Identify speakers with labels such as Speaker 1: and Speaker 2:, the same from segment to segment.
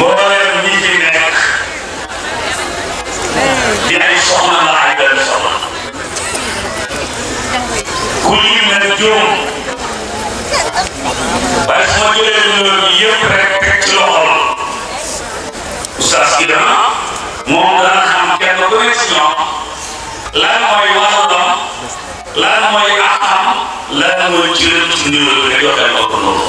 Speaker 1: mboolem ñi fi nekk di ay soxna la ay benn soxna ku lim na juum waaye su ma jëlee loolu yëpp rek teg ci loxol oustaz ki dana moom dana xam kenn ku nekk si ñoom lan mooy wàllam lan mooy axam lan mooy ci rëdd ci ndimbal bi rek joxe ma ko noonu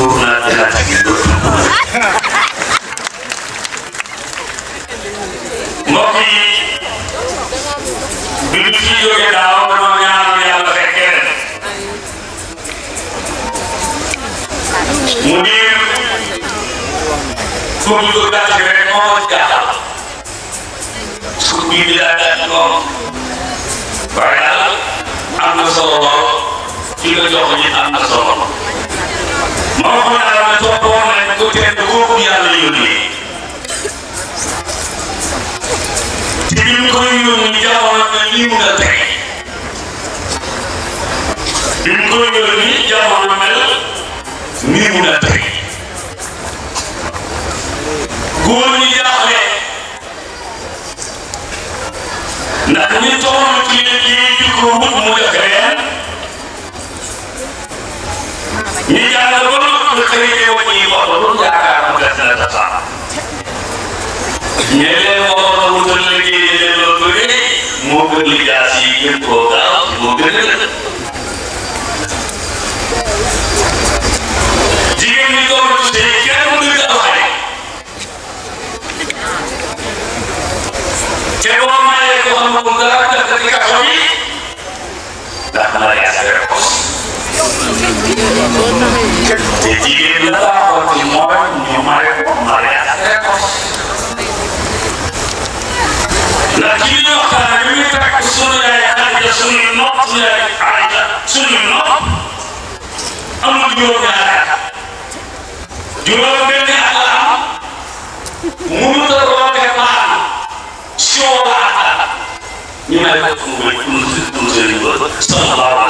Speaker 1: boobu laa ci laaj mbokk yi bi ñu ci jógee daaw dañoo ñaanal yàlla fekkee mu diir tur lu daal bi rek moo jaaxal suuf bi di daal ak moom waaye daal am na solo lool ci nga jox ñi am na solo Mamadou Ndara toppoon nañ ko kenn kooku yàlla yónnee te bi mu koy yónni jaaroon na lii mu nga tey bi mu koy yónni jaaroon na mel nii mu nga tey góor ñi jaaxle ndax ñi toog ci liggéey bi ko xëyee wàññi ko loolu yaakaar mu gas na la tasaar ñe leen waroon wutal liggéey leen loolu bëggee moo gën li jaas yi gën koo gaaw moo gën a lëkk jigéen ñi doon sëy kenn mu ngi gaaw xale te boo mayee ko xam nga dara def ci kaso yi ndax ma la yaakaar te jigéen la ko ci mooy ñu mare mariage ndax ci li ñuy waxtaan ñu ngi fekk sunu yaay Aïda sunu nopp sunu yaay Aïda sunu nopp amul juróom-ñaari at juróom-benni at la am mënut a roote maanaam soo la at ñu ne ko sunu sëriñ ba sallallahu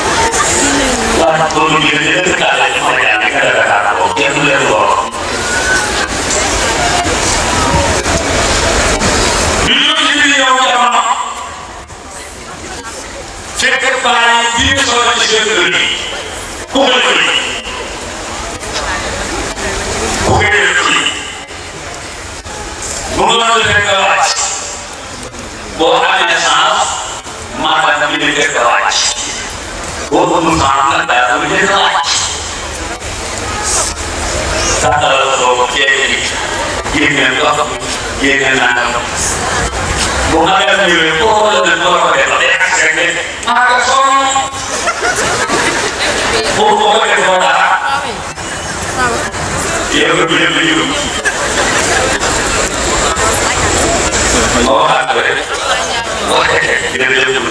Speaker 1: waaw ndax boobu ñu ngi leen di dëkk Kaolack ñu mën a ñaan di kër Dakar boobu kenn du leen woo. bi ñu doon indi yow jamono fekk baay bi ñu soxla ci seen kër yi ku ko jëli ku ko jëli bu ma doon fekk wàcc boo amee chance maanaam bi ñu fekk wàcc. 我我们马上来，我们先上来。他的手接一年多，一年难。我那边有人多人多的，我连看见那个风，我我我也说了，也不也不有。我感觉，我也也也不。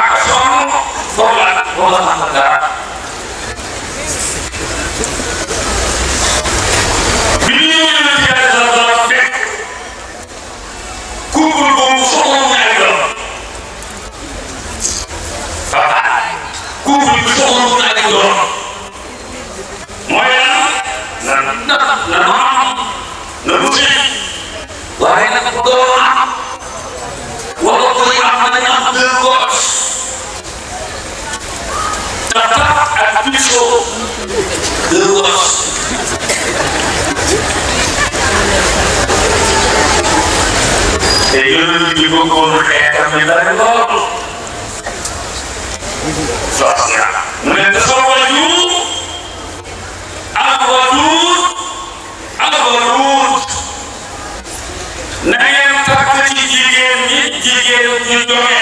Speaker 1: وما تنفع waaye nag doo am wala kuy am nañu am deux gos Tata a plutôt de gauche. Et yonent bi bëggoon xeetam ni dara lool. Soxna mu ne dafa wajur ak waduut ak waduut na ngeen takk ci jigéen ñi jigéen ñu joxe.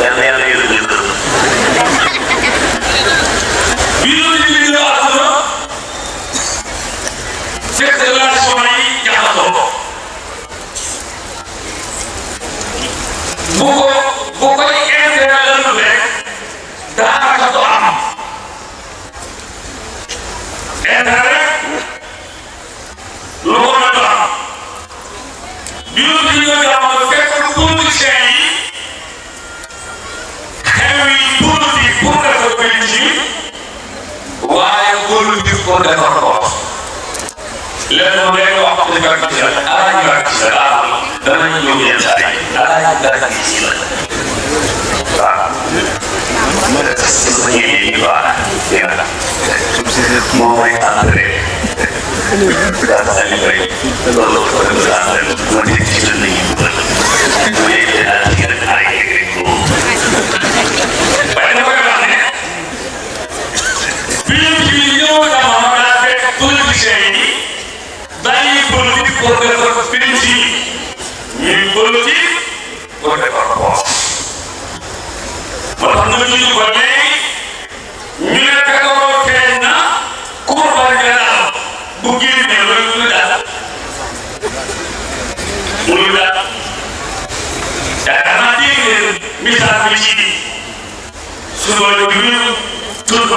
Speaker 1: やめやめ言うてくる politique bi ñëw jamono daa fekk politiciens yi bàyyi politique pour defar penc yi ñuy politique pour defar poos moo tax nga ñu ko léegi ñu ne fekkoo feeñ na cour barkeelam bu génnee loolu lu daal lu daal yaakaar naa dégg ngeen message bi ci suba bi ñu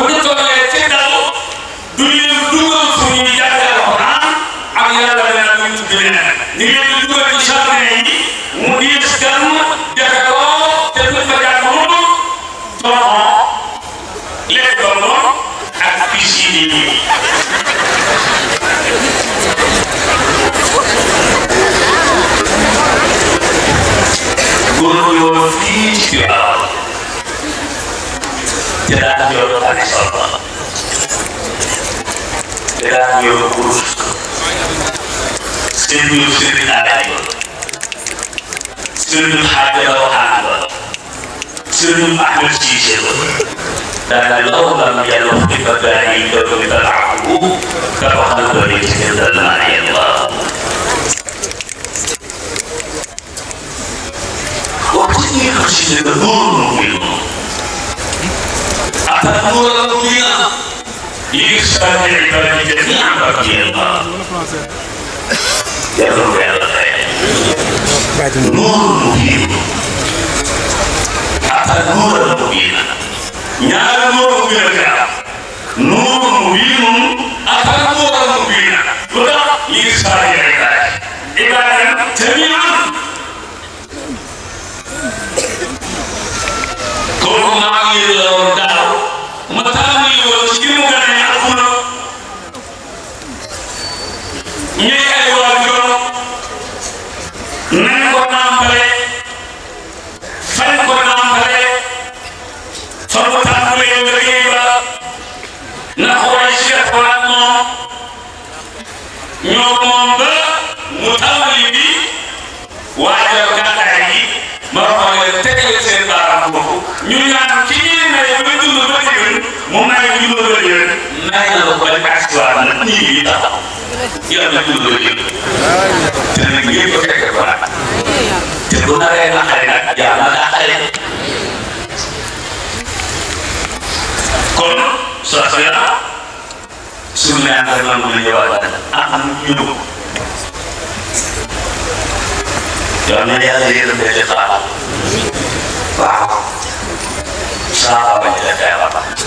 Speaker 1: bu ñu tollee ci dal du leen dugal fu ñuy jàngal alxuraan ak yàlla leneen ñu tuddi leneen seen biir sëriñ Alaaji Ba sëriñ Xaaja Rawaan Ba sëriñ Ahmed Cissé Ba daanaka lool la mu yàlla wax dëgg gaa yi doog a talaaxu tabaxal ko ni ci gën a laaj yàlla waxtu yi nga si ne loolu la muy noonu après loolu la muy naan يكسر العباد جميعا رضي الله yàlla na ko yàlla fayal. nuurul mubiin ak ak nuurul mubiin ñaari nuurul mubiin la koy am nuurul mubiin ak ak nuurul mubiin lu tax ñu ngi saa yore Ibrahima Ibrahima am kooku maa ngi la woon ma taamu yi ci mu gën a ñàkkul tàmbalee fan ko tàmbalee fan ko tàmbalee liggéey ba ndax waaye Cheikh Wade moom ñoo moom ba mu tàmbali bi waaye gàddaay yi ma xoolee tegal seen baaraam foofu ñu ñaan ci ñuy nay ba dund ba déwén mu nay ñu ba ba déwén nay la ko ba tax si waat nag nii taxaw yàlla ಗುಣವೇನ ಯಾಮದಾಕರೇನ kon sosona suñu yaakaar lan mu ñëwaat ak ñu ñu yoon na yàlla yéen a ci xaar waaw saa bañ la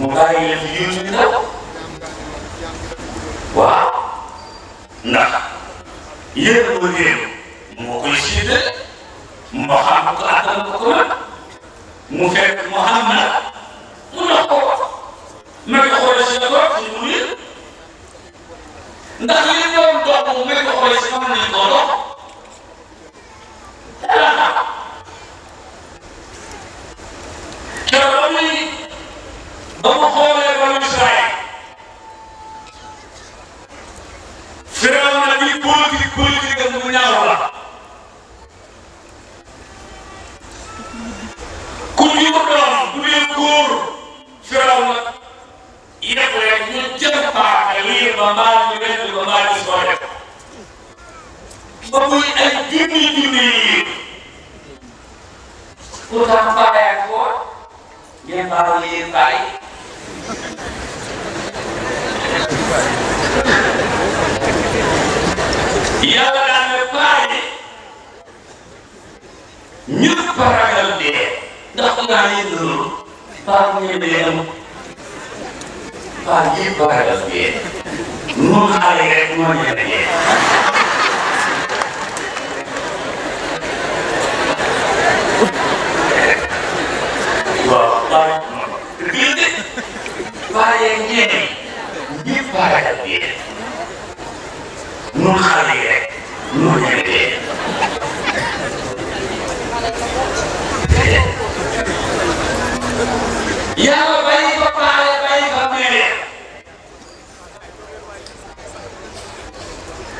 Speaker 1: mu bàyyi la fi Yunus bi daw waaw ndax yéen ma réew moo koy siitale moo xam ko àttan ko ko nag mu fekk mu xam nag mu dox ko ma ko xool si la ko si mu yëg ndax li doon dox mu ma ko xool si mën nañ koo dox dara tax te loolu ba mu xoolee banu Israël Firawna bi politique politique am bu ñaaw la ku ñu ko doon bu dee góor Firawna yëpp rek ñu jël paaka lii ba mbaal ñu wedd ba mbaal ñu soo def ba muy ay junni junni yi pourtant mbaay ak ko ngeen mbaal yéen bàyyi yàlla daal ne paa yi ñëpp a ragal dee ndax naa yi loolu paa ngeen dee am paa yëpp a ragal dee ñun xale moo ragal biir nun xale yi rek nun ñu dee yàlla bàyyi ko paale bàyyi ko meree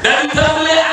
Speaker 1: dan tëmlee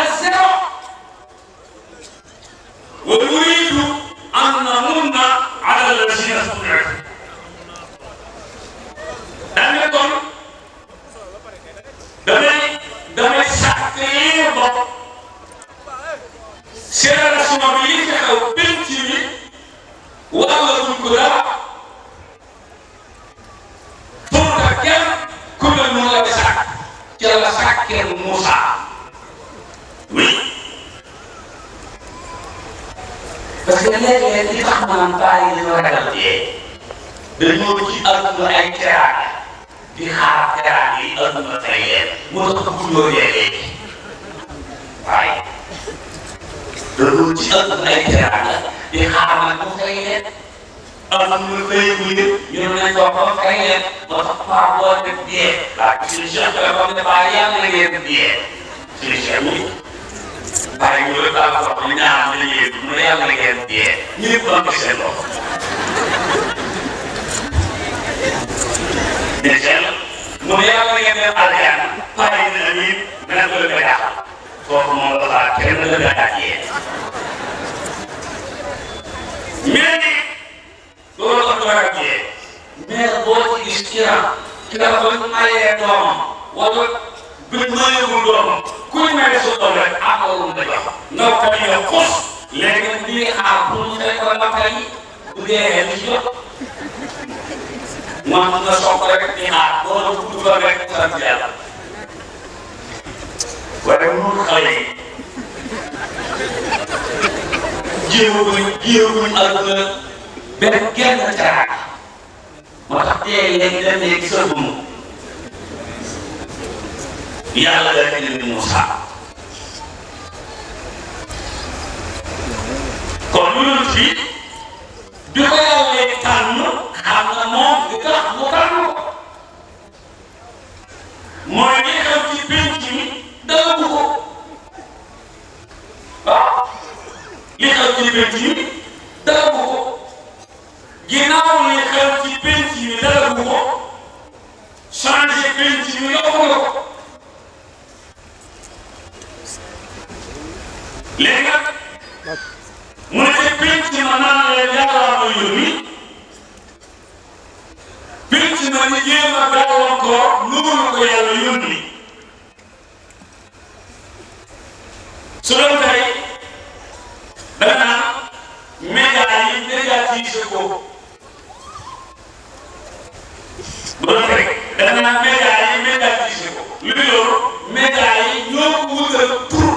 Speaker 1: loolu daal la soxla ñaar la ñuy mu ne yàlla na ngeen yee ñëpp am ci seen bopp. déedéet mu ne yàlla na ngeen dem aljana pare yi ne amiin beneen bële ba jaaxal foofu moom la faa kenn la la daaj yee. mais ni loolu la ko daaj yee mais boo ci gis ci ra ci la ko mayee doomam wala. bi ñu mayeewul doom ku ñu mayee sa doom rek amalul jox nga xos léegi nag lii xaar pour ñu dee li jot mu nga soog rek di xaar boo doon gudd ba rek sant yàlla waaye mënul xale yi jéemuñ jéemuñ benn genn caaga moo tax dee léegi dem léegi yàlla da nga jënd Moussa kon ñun fii bi ko yàlla tànn xam na moom li tax mu tànn mooy li xew ci penc mi dalagu ko ah li xew ci penc mi dalagu ko li xew ci penc mi dalagu ko changé penc mi yokku ko. लेकिन मुझे पिंच मनाने लगा वो uni pinch मनिये मगाओ को नूर को या यूनी सुरंग है दरना मैं जाई मैं जाती से को बराबर दरना मैं जाई मैं जाती से को लियो मैं जाई नो उधर पुर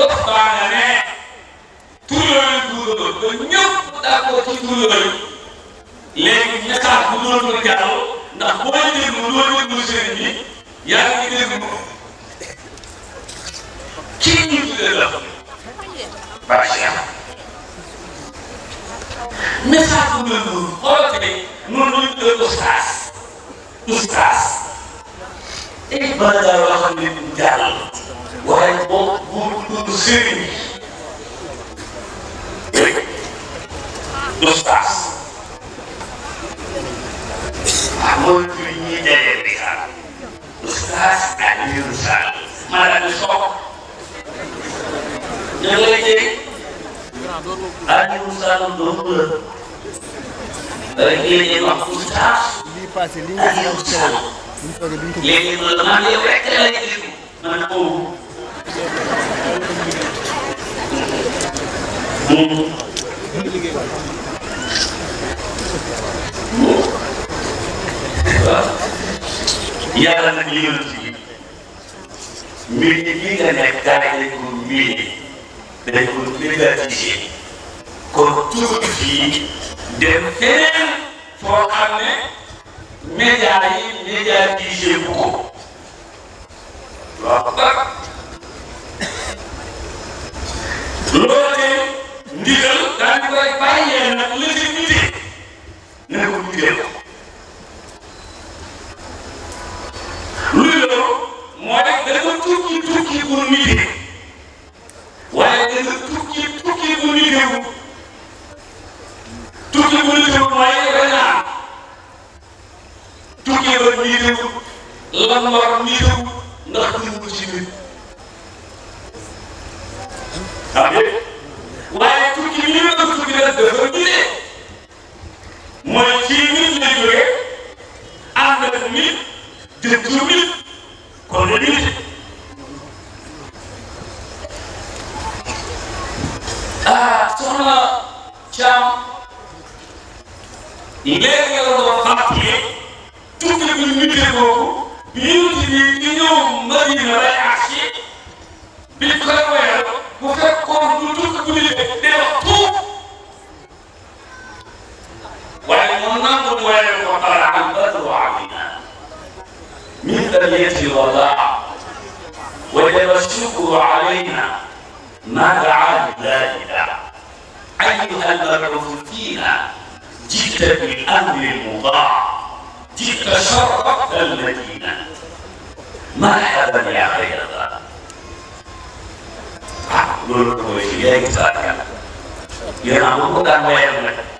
Speaker 1: lu tax balaa nga ne tur yooyu duuloon ba ñëpp d'accord ci tur yooyu léegi message bu doon ko jàll ndax boo yaa ngi déglu ci ñu tuddee la bàyyi message bu doon loolu xoolal tey noonu la ñu doon ustaas ustaas tey bala dara loo xam ne waaye boo guur sëriñ ustaas waaw ah, mooy tur ñuy dajee bi sax ustaas ak ñun sax maanaam soog ñu ngi lay jëriñ ak ñun sax doomu la rek léegi wax ustaas ak ñun sax léegi man yow rek lay jëriñ man waaw yàlla nag li nga ci mbir yi nga nekk gars yi dañ ko mbir ko négatifié kon tuuti fii dem feneen foo xam ne média yi médiatisé bu loolu ndigal daal di koy bàyyee nag نقل ولو فقد عمته عمنا من اليد وضاع وجب الشكر علينا ما دعا لذلك ايها المبعوث فينا جئت بالامر المضاع جئت شرفت المدينه مرحبا يا خير ذا عقل الوجيه يتاكل ينام غدا ويملك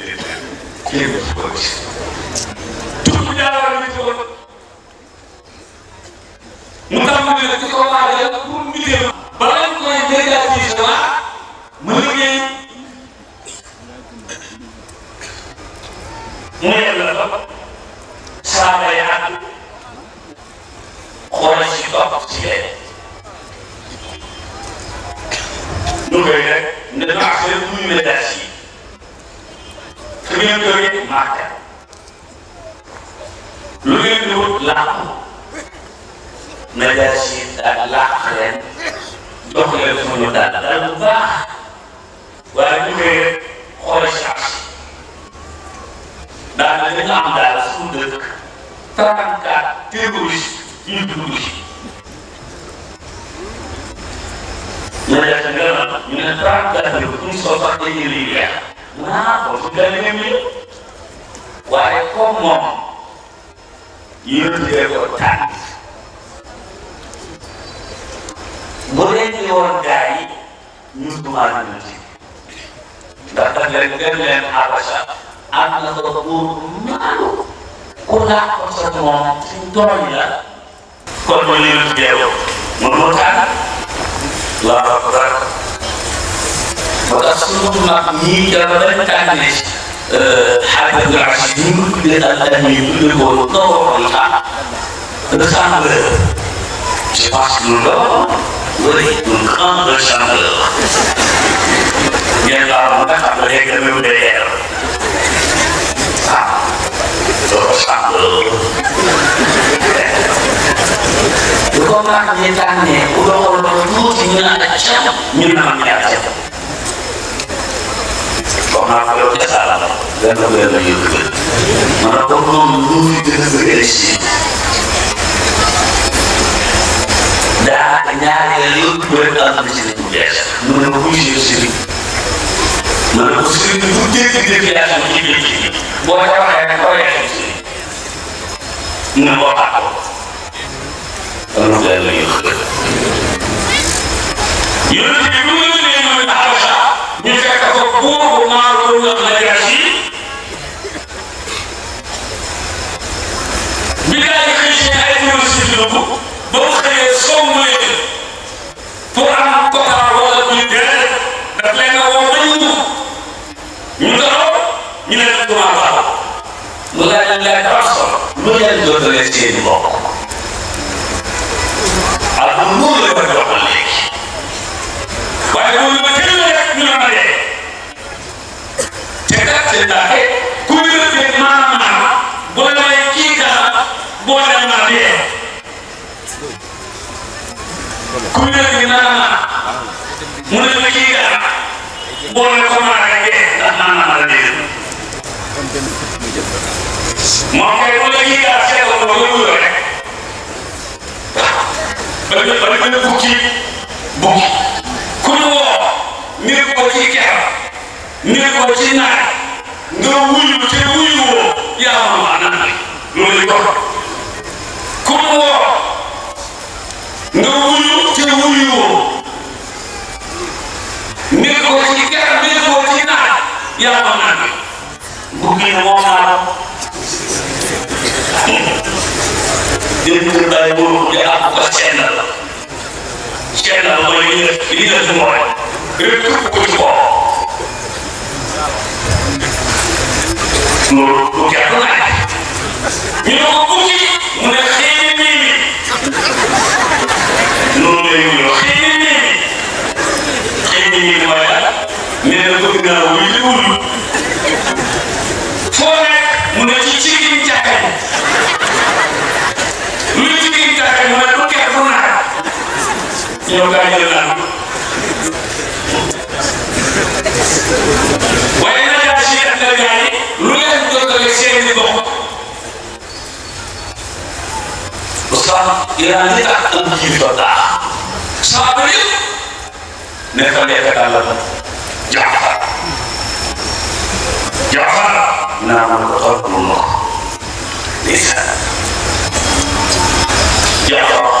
Speaker 1: Give voice. use them your talent bu leen ñu woon gars yi ñun du ma yonante ndax daf leen gën leen abasa am na ko pour maanu ku laakoon sa Abdul Aziz ni mu tuddee al Adami yi tuddee ko woon ressembleur je pense que loolu loolu une grande ressembleur ngeen baal ma ndax am na léegi même derrière ah loolu ressembleur lu ko baax ñu tànnee ku doxal loolu tuuti ñu naan ak cam ñu naan ñaar cam wax naa ko yow Jokalante benn benn la ñuy dugal maanaam comme moom lu muy gën a bëggee si daanaka ñaareel yëpp rek am na ci li mu bees mu ne ma buy jël si biir ma ne ko si biir bu dégg-dégg yaa ngi ci biir ji boo ca waxee rek boo yaa ngi ci biir nga boo xaar ko am na benn la ñuy dugal yéen a ngi ñu fekk ko buur bu Maaruun Najaasi bi gaa yi xëy si ay ñëw si dugub ba mu xëyee song leen pour am koppar wala muy gën daf leen a woo bañ ñu ñu doon ñu ne la duma baax mu laaj leen leen dafa solo lu leen doon seen mbokk ak lu mu la ko joxal waaye loolu ba tey la rek ñu doon ree te daal te daal ku ñu la fekk maanaam maanaam boo demee kii dara boo demee ma dee ku ñu la fekk maanaam maanaam mu ne la kii dara boo demee ko maanaam dee ndax maanaam la dee moom kay bu la kii dara seetlu ko ba mu rek ba ba ba bukki bukki ku ñu woo mbir ko ci ker mbir ko ci naaj nga wuyu te wuyu woo yaa ma ma naan loolu lañ ko ku ñu woo nga wuyu te wuyu woo mbir ko ci ker mbir ko ci naaj yaa ma naan bu gën moo maanaam jërëjëf Baye boobu di àgg ko seen la. ceeb la mooy li ñu def li ñu def si mooy lépp ko ci kaw loolu lu gerte laaj ñu ne ko mu ne xëy na ci yow gaa jël lan waaye Najaashi ak gaa yi lu leen dootale seen i bopp ustaz yaa ngi tax am kilifa baax saaba yëpp nekkal yekkat àll la Jaafar Jaafar naa mën ko topp lu ma ko Jaafar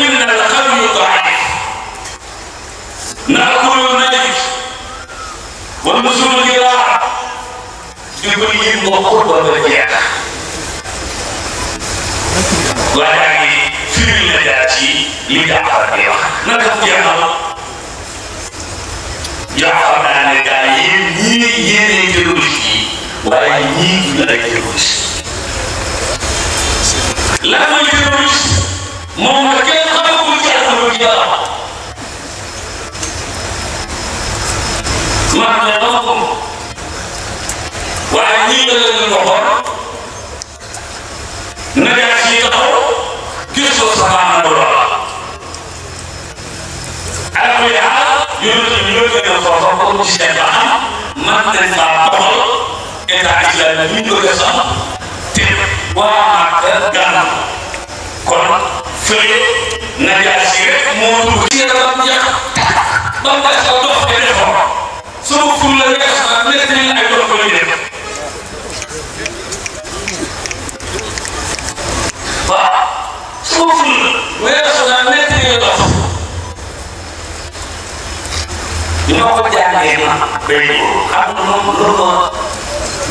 Speaker 1: والنزول قراءة لكل مخور ومرجع ويعني في النجاتي لجعفر قراءة نكف جعفر جعفر أنا قايم يي يي كروشي ويي لا كروش لا كروش ممكن أقول جعفر قراءة man ne dama ko moom waaye ñii nga leen di waxoon najaat yi taxaw gisoo sa maanaam lool alal yi ah yónni ñoo gën a foofa pour ci seen baax man nañ faa doxal état islamique ñu ko def sax te waa Màkka gànn kon fële najaat yi rek moo dugg ci yaram ba mu des ko dox benn sama kur la nekk xanaa nekk nañ ay dox ba muy dem waaw sama kur la nekk xanaa nekk nañ dox li ma ko jàngee ma béy ko xam nga moom loolu ko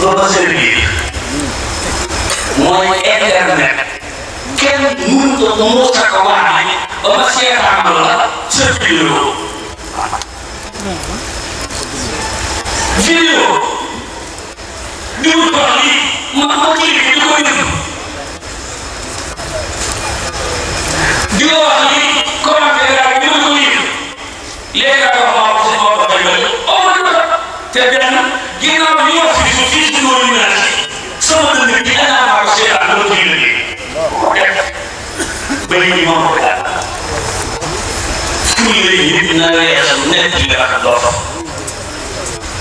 Speaker 1: loolu ko servir mooy internet kenn mënut a mënut a ko wax ba ma seetaan la servir vidéo di wut tool yi ma ma kii bi di ko yëngu di ko wax ni commentaire daal di ko yëngu léegi daal wax ma ko si ma ko bëri ba lépp oh ma dëgg te benn ginnaaw bi ñu wax si suuf si suñu woon ñu naan sama dënd bi danaa maa ko seetaan dama ko yëngu bay ñu ma ko daal suñu yëngu yëpp naa leen yàlla nekk ci li nga xam doo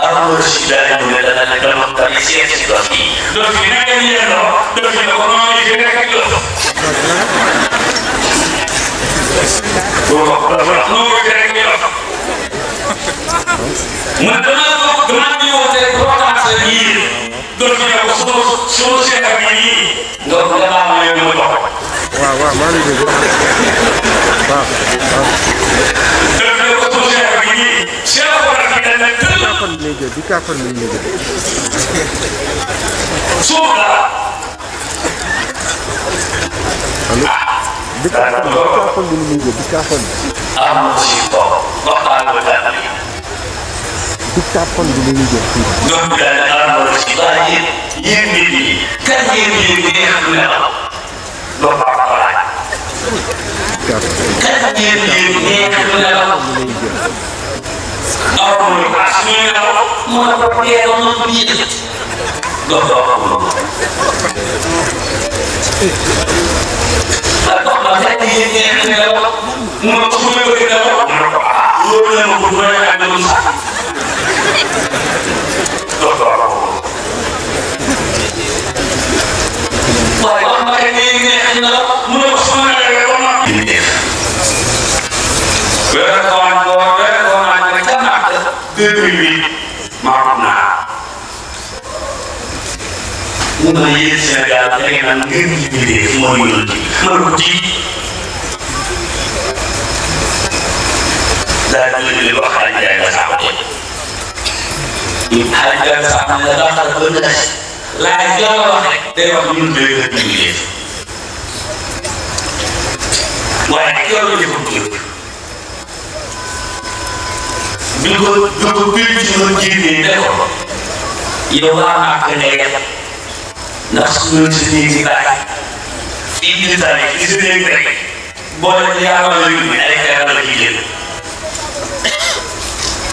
Speaker 1: arrucinare dove la non parecchia situazioni o finale di e r o lo fino c a leggera c o non l e g g e a c a g l o ma donato grandi o l e r o t a a servire o fino o solo solo si è cammini o n voleva mai un modo g u a r guarda g u d a guarda g d a konbile ediyor, dikkat konbile ediyor. Sonra! Alo? Dikkat konbile, dikkat konbile ediyor, dikkat konbile. Amul Siko, bakal wadami. Dikkat konbile ediyor. Dukkan Amul kan ini yakuna. Bakal wadami. Kan amuñu ko ak suñuy nelaw mun na ko teel a mun ñu jël dox dox amul ko. ndax dox ba xëy na yéen ñeent nelaw mun na ko su ma yëgee nelaw mun na ko ah loolu la ma ko doy ak yàlla ngeen ñu bindee mooy yoon bi ma lu di daa dina li wax xaaj jaay nga saako tey xaaj jaay nga saako ne la daa xar ba nga laaj jaay wax rek day wax ñun de la ñu bindee waaye ak yoon bi ko jëf bi ko bi ko biir ci ma jéemee ne ko yow waa ak ne ndax suñu ci nii ci bàyyi fii ñu tànn li si nekk rek boo leen yàlla la yóbbu ay xeeral la ci génn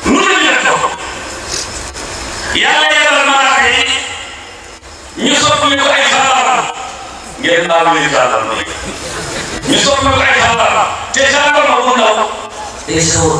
Speaker 1: lu ne ñu ko yàlla yàlla malaaka yi ñu soppi ko ay sàllaam ngeen baal ma ñu sàllaam ñu soppi ko ay sàllaam te sàllaam bu ndaw day sawar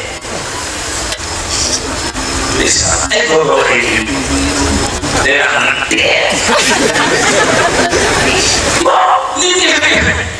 Speaker 1: this. I go away. Then I'm dead. Mom, leave